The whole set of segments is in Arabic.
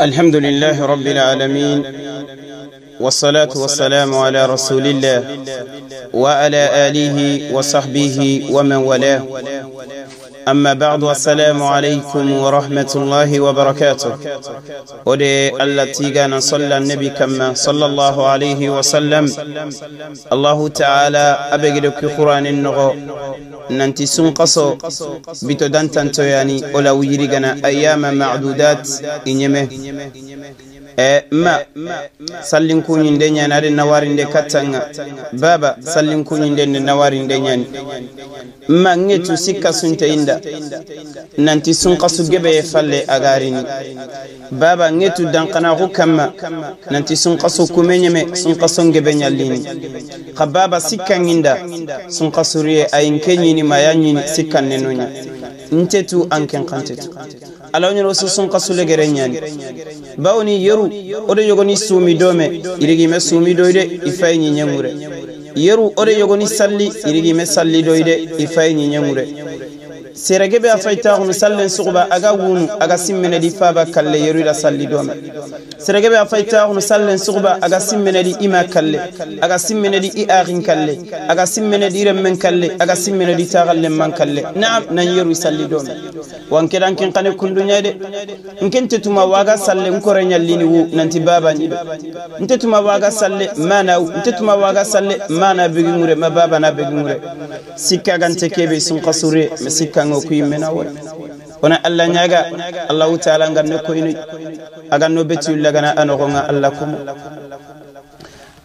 الحمد لله رب العالمين والصلاة والسلام على رسول الله وعلى آله وصحبه ومن والاه أما بعد السلام عليكم ورحمة الله وبركاته ودي التي كان صلى النبي كما صلى الله عليه وسلم الله تعالى أبقلك قرآن النغو ننتي سنقصو بتدنتن توياني ولا ويرغنا أيام معدودات إنيمه e ma sallinkuñinde ñani aɗa nawarinde kattanga baba sallinkuñinde nde nawarinde ñani ma ŋetu sikka sunte inda nanti sunkasu gebe ye falle garini baba nge ŋetu dankanaku kamma nanti sunkaso kume sun sunkaso gebe ñallini xa baba sikkan inda sunkasuriye ayin ke ñini maya ñini sikkan nenoña nte anken an ken kante tu alaw ɲɛna woso sɔn ka sule yeru o yogoni sumi do mɛ irigimɛ sumi do de i fa yeru o yogoni salli irigimɛ salli do de i fa ye ɲi ɲɛŋure serege be a fayitaxunu sallen suxuba aga wunu aga simmenedi faba kalle yerida salli dome serege be a fayitaxunu sallen suxuba aga simmenedi ima kalle aga simmenedi i axin kalle aga simmenedi i renmen kalle aga simmenedi taxallen man kalle naam nan yeru salli dome wankedan ken xane kunduɲai de nkente tuma waga salle nkore ɲallini wu nanti babaɲi de nte tuma waga salle mana wu nte tuma waga salle mana beginŋure ma babana beginŋure sikka gante kebe sunxasure ma sikka kango kuy mena wala ona alla nyaga allah taala nganno koyni aganno beti lagana anogonga alla kuma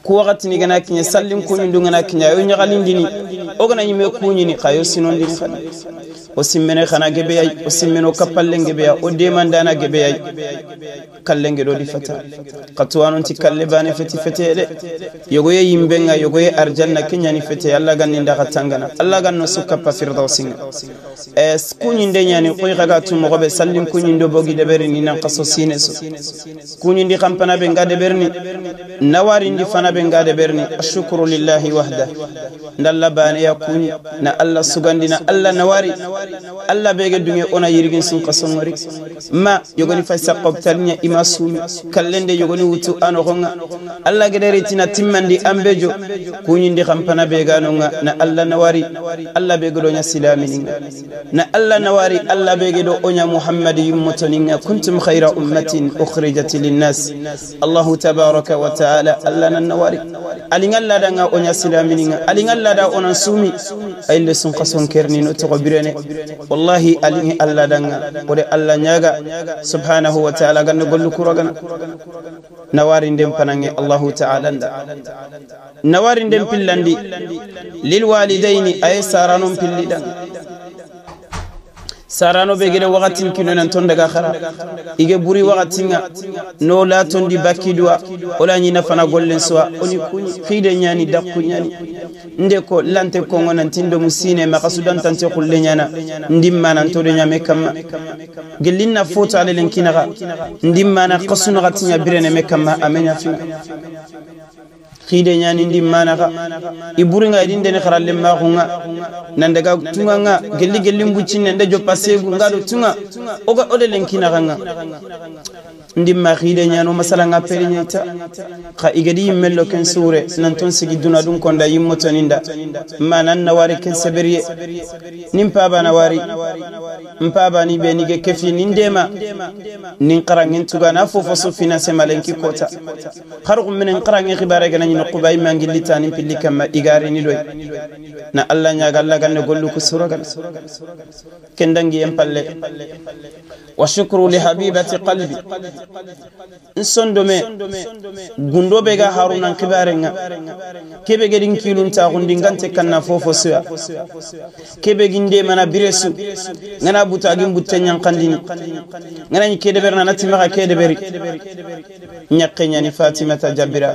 ku wakati ni gana kinya sallin kunyundu gana kinya yo nyagalindini ogana yime kunyini kayo sinondini khadi o simmine xana gebeyay o simmino kappallen gebeya o demandana gebeyay kallen geɗo di fata katuwanonti kalle bane feti fete de yogoye yimbenga yogoye arjanna keñani fete allah ganninda xa tangana allah ganno su kappa firdausinga e kuñinde ñani xuy xaga tumoxoɓe sallin kuñindo bogi deɓerini nan xa so sine so kuñindi xampana ɓe nga deɓerni nawarindi fana ɓe nga deɓerni ashukuru lillahi wahda ndalla baneya kuñi na allah sugandi na allah nawari الله بيجا دنيا أنا يرجعين سو قسموري ما يغني فاسا قبتلني إما سوم كلند يغني وتو أنا خونا الله قدر يتنا تمن دي أمبجو كونين دي خمبنا بيجا نونا نا الله نواري الله بيجا دنيا سلامين نا الله نواري الله بيجا دو أنا محمد يموتنين كنتم خير أمة أخرجت للناس الله تبارك وتعالى الله نواري ألين الله دعنا أنا سلامين ألين الله دعنا سومي أيلسون قسم كرني نتقبرني wallahi alini allah danga ode allah ñaga subhanahu wa taala ganno gollu kuragana nawari nden panange allahu taala nda nawari nden pillandi lilwalidayni aye saranon pilliɗan sarano be gede wakatin kinonan ton daga khara ige buri wakatinga no la ton di bakki duwa ola nyina fana gollen suwa oni kuni khide nyani dakku nyani nde ko lante kongo nan tindo musine makasudan tante kulle nyana ndimma nan to de nyame kamma gelinna foto ale lenkinaga ndimma na qasuna gatinya birene me kamma amenya fina khide nyani ndi mana ka iburi nga idinde ne kharalle ma khunga nanda ga tunga nga gelli gelli mbuchi nanda jo passe nga do tunga oga ode lenkina nga ndi ma khide nyano masala nga pere nyata kha igedi mello ken sure nan ton sigi duna dun konda yimmoto ninda ma nan nawari ken sabiriye nim baba nawari mpaba ni be nige kefi nindema nin qarangin tuga na fofo so fina semalenki kota kharqum min qarangin khibare ganan no qubay mangilli tanin pilli kamma igarini loy na allah ñaga allah ganne gollu ku suragan kendangiyen palle وشكر لحبيبة قلبي نسندمي gundo be ga haruna kibarenga kebe gedin kilun ta gundin gante kanna fofo suya kebe ginde mana biresu ngana buta gin butte nyan kandini ngana ni kede berna nati maka kede beri nyakke nyani fatima ta jabira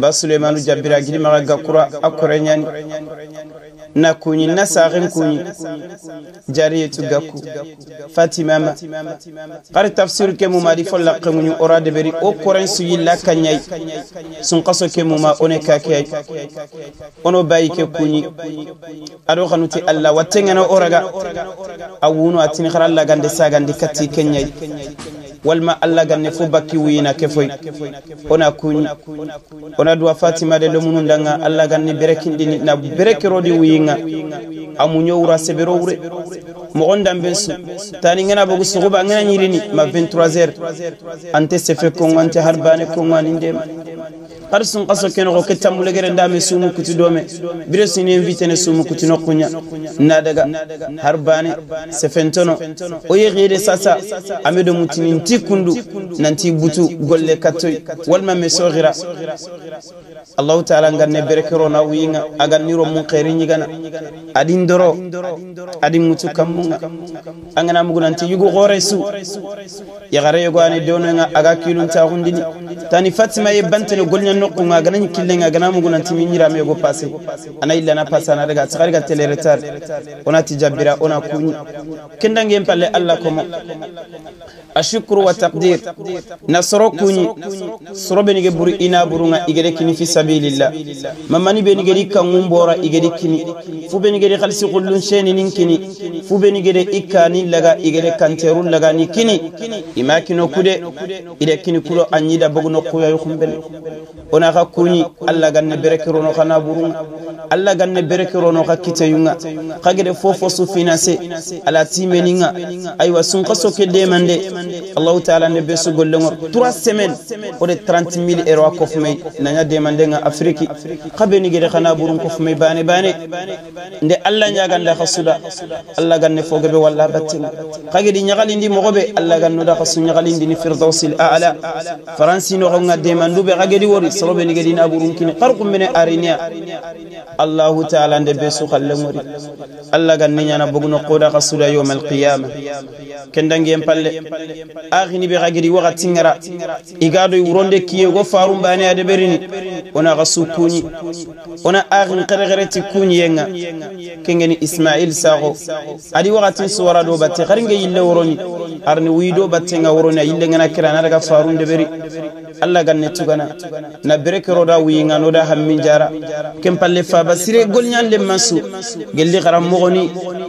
ba suleimanu jabira gidi maka gakura akure nyani na kunyi na sagin kunyi jariyatu gaku fatima ma qari tafsir ke mu mari folla qamuni ora de beri o koran su yilla kanyai sun qaso ke mu ma one ka ke ono bayi ke kunyi ado khanuti alla watengena oraga awuno atini kharalla gande sagandi katti kenyai walma alla ganne fo bakki wuyina ke foy ona kuñi ona duwa fatima de lomunu danga alla ganne berekindini na berekerodi wuyinga amuño wura sebero wure mogon danben su tani ngana bogu suguba ngana ñirini ma 23 heures ante sefe kongo ante har bane kongo anindema قرسن قصو كن غو كتام ملغر اندامي سومو كتو دومي برسن ينفيتن سومو كتو نقنيا نادغا هرباني سفنتونو وي غير ساسا امدو متنين تي كندو نانتي بوتو غولي كاتوي والما مسوغرا الله تعالى غن بركرو ناوينا اغان نيرو مون خيري نيغانا ادين درو ادين متو كامون انغنا مغنانتي يغو غوريسو يغاري يغاني دونو اغا كيلون تاغونديني تاني فاطمه يبنتني غولنا noqunga ganan killenga gana muguna timi nyirame go passe ana illa na passa na daga tsari ga tele retar ona tijabira ona kunya kindange palle alla komo ashukuru wa taqdir nasoro kunyi soro be nige buru ina burunga igede kini fi sabilillah mamani be nige ikka ngumbora igede kini fu be nige khalsi qullun sheni nin kini fu be nige ikka ni laga igede kanterun laga ni kini imakino kude ide kini kulo anyida bogno kuya yukumbele ona ka kunyi alla ganne berekero no kana burunga alla ganne berekero no ka kiteyunga kagede fofo su finance ala timeninga aywa sun kaso ke demande allahu taala ne be sogollengo 3 semaine o de 30 mille euro a kofumey naña demandenga afriki xa benigede xana burun kofumey bane bane nde allah ñaganda xa suda allah ganne fogebe walla battenga xa gedi ñaxalindi moxoɓe allah gannoda xa su ñaxalindini firdausil ala faransinoxonga demanduɓe xa gedi wori saloɓe nigedina burun kini xar qummene ariniya allahu taala nde be su xallen wori allah ganne ñana bogno qoda xa suda yoma alqiyama kendangiyen palle axini ɓe xa gedi waxa tingara igadoy wuronde kiye go farum bane a deɓerini ona xa su kuñi ona axin xerexereti kuñiyenga kengeni ismail saxo adi waxatin suwara do batte xaringe yille woroni arni wuyi do battenga woroni a yillengana kira ana daga farum deɓeri alla ganne tugana na bereke roda wiyinga noda hammin jara ken palle faba sire golñan lemman su gelli xaranmoxoni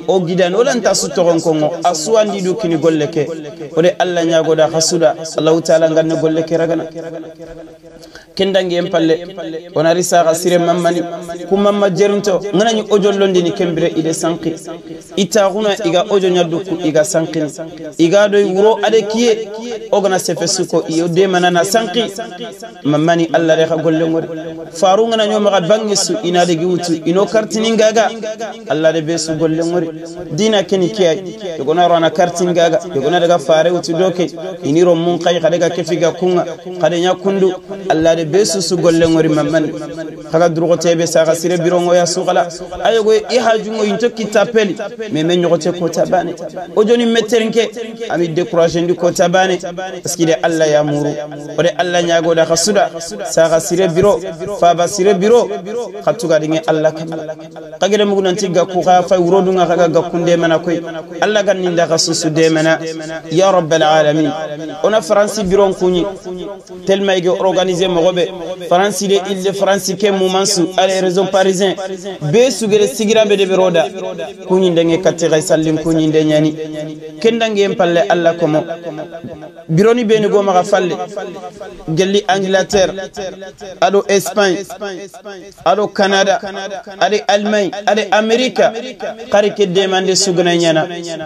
o gidan wo lanta su toxon kongo a suwandi du kini golle ke wo de alla ñagoda xa suda allahu taala ganne golle ke ragana ken dangiyen palle wonari saxa sire mammani ku mamma jerinto nganañi ojollondini kembire ide sanki i taxuna iga ojoña dukku iga sankini iga doy wuro ade kiye ogana sefe suko iyo demanana sanki mamani allah re kha golle ngori faru ngana nyo maga bangi ina de gutu ino kartini gaga allah de besu golle ngori dina keni kiya yogona rana kartini to yogona daga fare utu doke ini ro mun kai khade ga kefiga kunga khade nya kundu allah de besu su golle ngori mamani kaga durgote be saga sire birongo ya sugala ayo go i hajungo into kitapeli me men yogote ko tabane o joni meterinke ami décourager ndi ko tabane parce que allah ya muru o de allah nyago da khasuda saga sire biro faba sire biro khatuga dinge allah kam kage de mugunan tiga ku kha fa wurodu nga kaga gakunde mana koy allah gan ninda khasusu de mana ya rabbal alamin ona france biron kunyi tellement que organiser mogobe france de ile france kem mumansu ala e région parisien be sugere de ɗeɓe roda kuñindenge kattihay e sallin kuñinde ñani kendangeyen allah komo bironi beni gomaxa falle gelli angleterre allo espagne allo canada aɗe allemagne aɗe america Kariké ke demande sugana ñana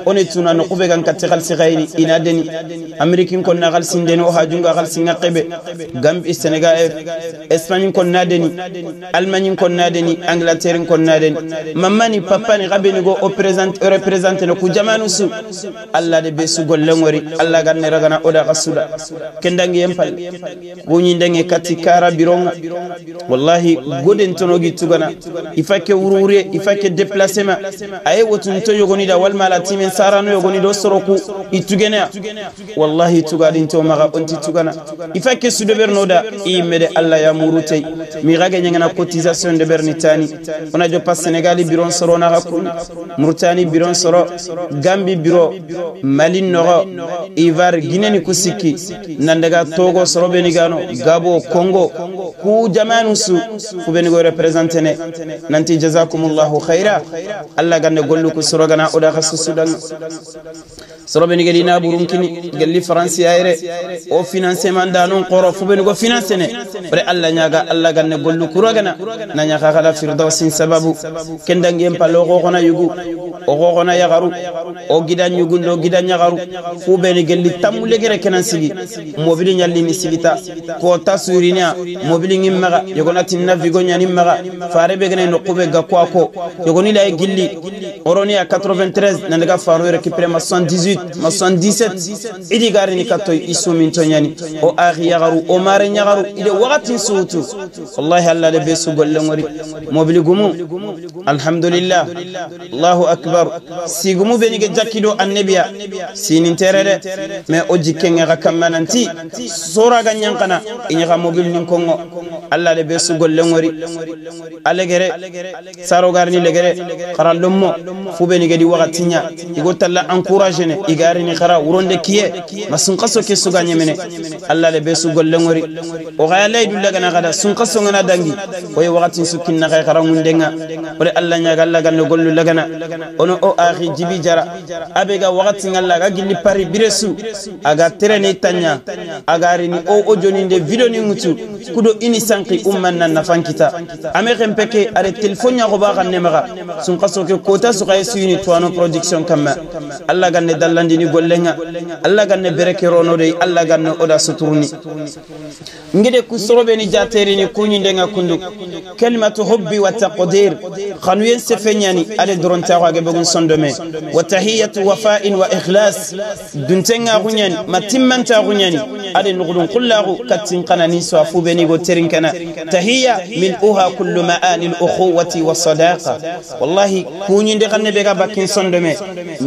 one tuna noxuɓe gan katti inadeni. American ina deni américain konna xalsindeni o gal xalsinga xeɓe gambi sénégal espagne konna nadeni. almagne konnadeni angleterre konnadeni mamani papani xabeni go o représente ne ku jamanu su allah de be sugollengori allah ganne ragana oda xa suda kendangi yen palle woñindange kati kara bironga wallahi godentonogi tugana ifa ke wurwure ifa ke déplacement aye wotunto yogonida walma la timen sarano yogonida o soroku i tugeneya wallahi tugadinto maxa onti tugana ifa ke sudobernoda i mede allah yamurutey mixage ngana cotisation de bernitani ona jo pas senegali biron soro na hakun murtani biron soro gambi biro mali nogo ivar gineni kusiki nandaga togo soro benigano gabo kongo ku jamanu su ku benigo representene nanti jazakumullahu khaira alla gande gollu ku soro gana oda khassu sudan sorobeni geli na burunkini gelli faransi ayre o financement danon qoro fubeni go finance ne pre alla nyaga alla ganne gollu kuragana na nyaga kala firdausin sababu kendangem palo go gona yugu o xoxona yaxaru o gida ñugunde o gida ñaxaru fu beni gelli tammule gere kenan sigi mobili ñallini sigita ko ta suriniya mobili ŋin maxa yogona tinna vigo ñanin maxa fare be gena noqube gakko a ko yogoni laye gilli oroni a 93 nandaga faro récupéré ma 78 ma 77 idi garini kattoy i suminto ñani o axi yaxaru o mare ñaxaru ide waxatin suutu wallahi allah de be sugollenŋori mobili gumu alhamdulillah allahu akbar sigumu beni ge jakkido annabiya sinin terere me o jikkenge ga kammananti sora ga nyankana inya ga mobil nin kongo alla le be su golle ngori alegere saro garni legere qarallummo fu beni ge di waqatinya igo talla encourager ne igarini khara wuronde kiye masun qaso ke su ga nyemene alla le be su golle ngori o ga lay dulla gana gada sun qaso ngana dangi o ye waqatin sukin na ga khara ngundenga wala alla nya ga alla ga gollu lagana ono o akhi jibi jara abega wakati ngalla aga gilli pari biresu aga terene tanya aga rini o o joninde video ni ngutu kudo ini sanki umman na nafankita ame khempeke are telefon ya goba gane nemaga sunkaso ke kota suka yesu yini tuano production kama alla gane dalandi ni gollenga alla gane bereke rono de alla gane oda suturuni ngide kusorobe ni jateri ni kunyi ndenga kundu kalimatu hubbi wa taqdir khanuyen sefenyani ale dronta wa gebe dun sondome wa tahiyatu wafa'in wa ikhlas dun tenga gunyani matimmanta gunyani ade nugulun kullahu katin qanani so afu beni go terin kana tahiyya mil'uha kullu ma'ani al-ukhuwati was-sadaqa wallahi kunyinde kanne be ga bakin sondome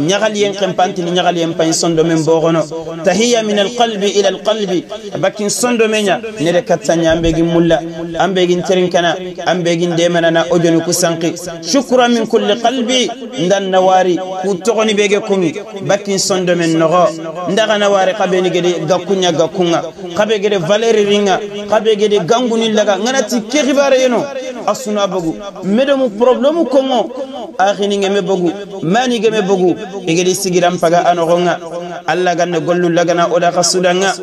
nyagal yen kampanti ni nyagal yen pan sondome mbogono tahiyya min al-qalbi ila al-qalbi bakin sondome nya ne de katanya ambegi mulla ambegi terin kana ambegi demana na ojonu kusanqi shukran min kulli qalbi nda nawari ku togoni bege kungi bakin de men nogo ndaga nawari kabeni gede gakunya gakunga kabe gede valeri ringa kabe gede ganguni laga nganati ke khibare yeno asuna bogu medomu problemu komo akhini ngeme bogu mani ngeme bogu egede sigiram paga Anoronga. Allah ganna gollu lagana oda ka sudanga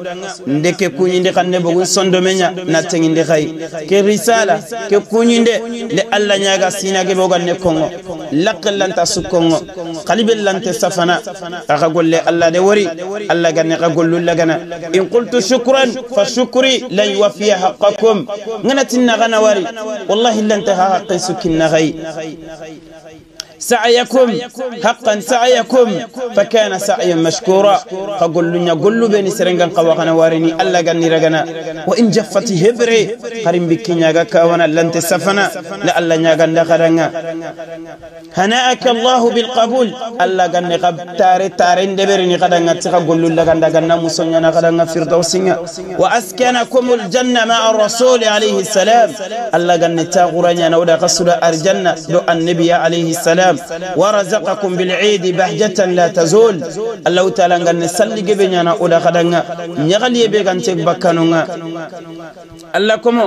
ndeke kunyinde kanne bogun sondo menya na tenginde khay ke risala ke kunyinde de alla nyaga sina ge bogan ne kongo laqal lanta su kongo qalibel lanta safana ka golle alla de wori alla ganne ka gollu lagana in qultu shukran fa shukri la yuwafi haqqakum ngana tinna gana wari wallahi lanta haqqin sukinna khay سعيكم حقا سعيكم فكان سعيا مشكورا فقل لنا قل بني سرنغا قواقنا وارني ألا غني رغنا وإن جفت هبري قرم بك نياغا كاونا لن تسفنا لألا نياغا نغرنا هناك الله بالقبول ألا غني قب تاري تارين دبرني غدنا تخا قل لنا غنا مسنيا غدنا فردوسنا وأسكنكم الجنة مع الرسول عليه السلام ألا غني تاغرنا نودا قصد الجنة دو النبي عليه السلام السلام ورزقكم بالعيد بهجة لا تزول الله تعالى أن نسلي جبنا أولا خدنا نغلي بيغان تك بكانونا الله كمو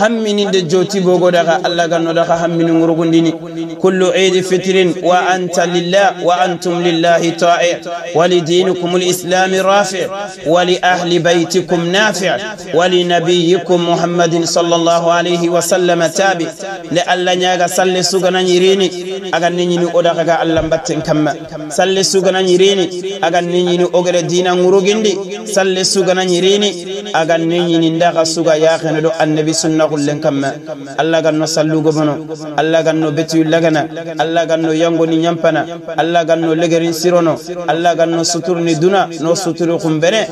همني دجوتي بوغودا الله غنو دخا همني نغرغنديني كل عيد فطر وأنت لله وأنتم لله طائع ولدينكم الإسلام رافع ولأهل بيتكم نافع ولنبيكم محمد صلى الله عليه وسلم تابع le allah ñaaga salle sugana ñirini agan ni ñini oda kaga allah mbatten kamma salle sugana ñirini agan ni ñini ogere dina ngurugindi salle sugana ñirini agan ni ñini ndaga suga yaxene do annabi sunna gullen kamma allah ganno sallugo bono allah ganno betiyu lagana allah ganno yangoni ñampana allah ganno legerin sirono allah ganno suturni duna no suturu kumbene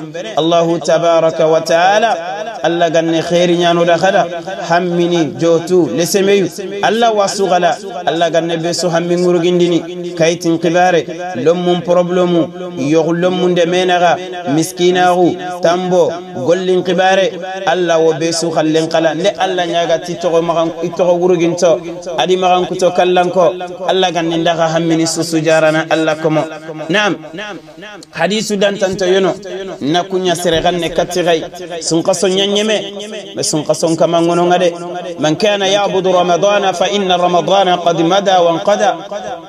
allahu tabaraka wa taala alla ganne khairi nyano da khada hammini jotu lesemeyu alla wasugala alla ganne beso hammin ngurugindini kaitin qibare lommun problemu yoglommun de menaga miskinagu tambo gollin qibare alla wo beso khallen qala ne alla nyaga ti togo magan itogo wuruginto adi magan kuto kallanko alla ganne ndaga hammini susu jarana alla komo naam hadisu dantanto yono na kunya sereganne katigay sun qaso nyeme besun qason kama ngono ngade man kana ya'budu ramadana fa inna ramadana qad mada wa qada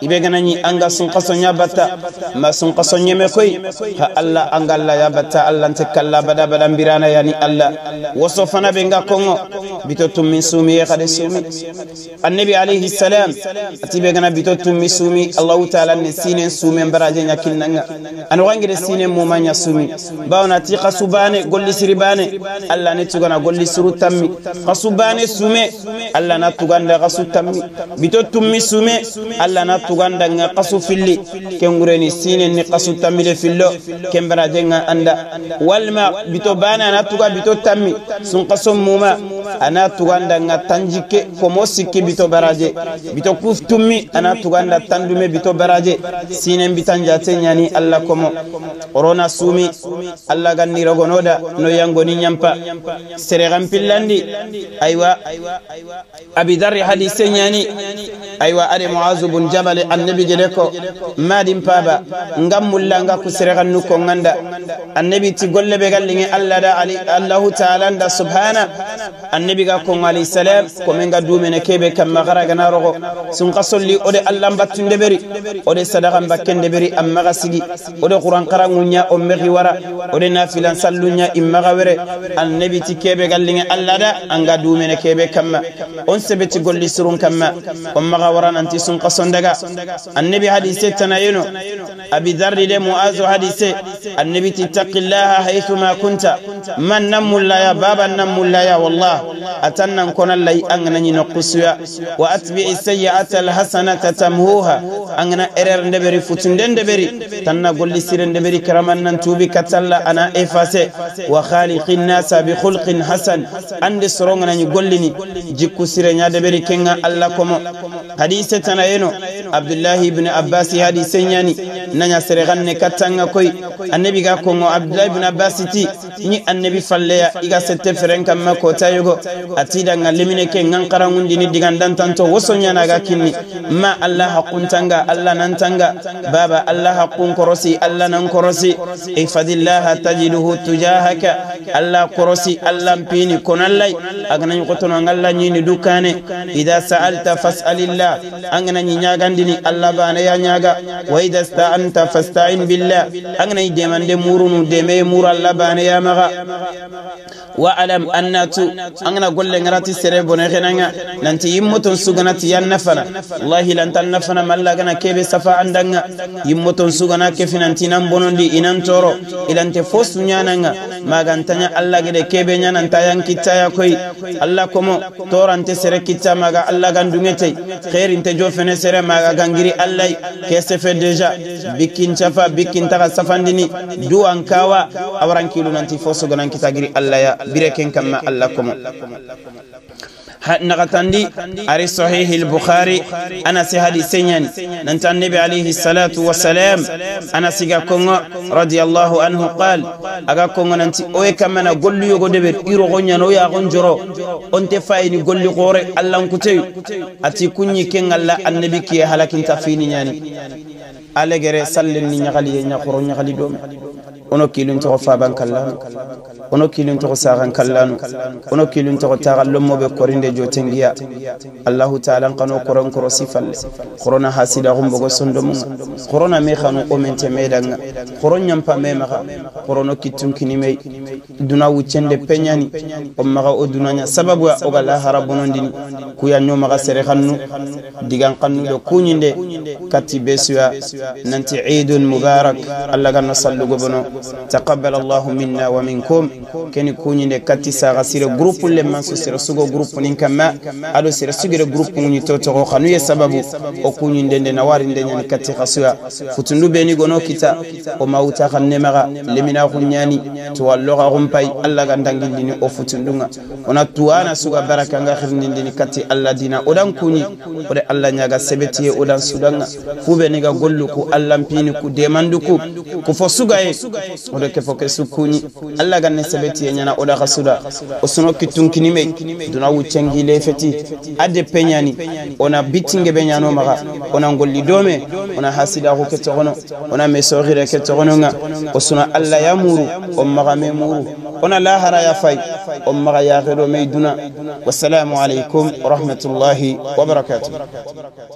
ibe ganani anga sun qason ya batta ma sun qason nyeme koy ha alla anga alla ya batta alla te kalla bada bada birana yani alla wasofana benga kongo bitotum min sumi ya qad sumi annabi alayhi salam atibe gana bitotum min sumi allah ta'ala ne sinen sumi baraje nyakinanga an wangire sinen mumanya sumi bawna ti qasubane golli siribane alla الله نتوغانا قولي سرو تامي قصو باني سومي الله نتوغان دا قصو تامي بيتو تومي سومي الله نتوغان دا قصو فيلي كم غريني سيني قصو تامي لفلو كم برا دينا أندا والما بيتو بانا نتوغا بيتو تامي سن قصو موما انا tuganda nga tanjike komo sikki bito baraje bito kuftummi انا tuganda tandume bito baraje sinen bitan jate ñani komo orona sumi allah rogonoda no yangoni ñampa seregan pillandi aywa dari hadise ñani aywa ade moazu bun jabale annabi jele ko paba ngam mulla nga ku seregan nu ko nganda annabi ti golle be gallinge allah da allahu taala nda subhana annabi ga kon alayhi salam ko men ga dumene kebe kam magara ga narogo sun ka solli o de allah battunde beri o de sadaqa bakkende beri amma ga sigi o de qur'an qarangunya o megi wara o de nafilan sallunya imma ga were annabi ti kebe gallinge allah da an ga dumene kebe kamma on sebeti golli surun kamma on maga wara nanti sun ka sondaga annabi hadise tanayeno abi dharri de muazu hadise annabi ti taqillaha haythuma kunta man namulla ya baba namulla ya wallah أتنا كون لي أننا نقصيا وأتبع السيئة الحسنة تمهوها أننا إرر ندبري فتندن دبري تنا قل لي سيرن دبري كرمان ننتوبي كتلا أنا إفاسي وخالق الناس بخلق حسن عند سروننا يقولني جكو سيرن دبري كنا الله كما حديثة تنا عبد الله بن عباس حديثة يعني nanya sereganne katanga koy annabi ga kongo abdullah ibn abbas ni annabi falleya iga sette feren kamma kota yugo atida nga ke ngan karangundi ni digandan tanto woso nyana ga kinni ma allah haquntanga allah nantanga baba allah haqqun korosi allah nan korosi e fadillah tajiduhu tujahaka allah korosi allah mpini konallai agnan qotono ngalla nyini dukane idha sa'alta fas'alillah angana nyaga ndini allah bana ya nyaga wa idha أنت فاستعين بالله أغنى ديمان دي مورون ديمي مور الله باني يا مغا وألم أنتو أغنى قول لنغراتي سري بونغنى ننتي يموتون سوغناتي ينفنا والله لن تنفنا مالا غنى كيبي سفا عندنا يموتون سوغنا كيف ننتي نمبونون دي إنان تورو إلا انت فوس نيانا ما غنتني الله غدي كيبي نيانا انتايان يا كوي الله كومو تور انت سري كتا مغا الله غندوغتي خير انت جو فنسري مغا غنغري الله كيسفي ديجا bikin chafa bikin taga safandini duwan kawa awaran kilu nanti fo sogonan kitagiri allah ya bireken kamma allah komo نغتندي على صحيح البخاري أنا سهدي سنين ننت النبي عليه الصلاة والسلام أنا سيغا كونغ رضي الله عنه قال أغا كونغ ننتي أوي كمانا قل يو قدبر إيرو غنيا نويا غنجرو أنت فايني قل غوري ألا نكتي أتي كوني كنغ الله النبي كي هلاك تفيني يعني alegere sallin ni ñagali ye ñakuro ñagali dome ono kilun toxo faban kallano ono kilin togo saxan kallanu ono kilin togo taxa lommoɓe korinde jotengiya allahu taala n xano koron korosi falle xorona hasidaxum bogo sondomunga xorona me xanu qomente medanga xoro ñampa me maxa xorono kittunkinimey duna wuccende peñani o maxa o dunaña sababuya oga lahara bonondini kuya ño maxa sere xannu digan xannu ɗo kuñinde katti be suya nanti idun mubarak allah ganno sallugo bono taqabbal allahu minna wa minkum keni kuñinde kati saxa sire groupe le manso sere sugo groupe nin kamma ado sere sugere groupe ŋuñi to toxo xanu ye sababu o kuñindende nawarinde ñani kati xasuya futundu beni gono kita o mawuta xan nemaxa lemina xun ñani tuwa loxa xun pay alla ga ndangindini o futundunga ona tuwana suga baraka nga xirnindini kati alla dina odan kuñi ode alla ñaga sebetiye odan sudanga fube ni ga gollu ku allanpini ku demandu ku ku fo sugaye odo ke fo ke su alla ga ne sebetiye ɲana o da ka suda o sono kitunkinime duna wucengile feti ade pe ɲani ona bitinge be ɲano maga ona ngolli dome ona hasidaku ke togono ona mesoxire ke togono ŋa o sono alla ya muru o maga me muru ona lahara ya fay o maga yaxedo mei duna wasalamu alaikum warahmatullahi wabarakatuh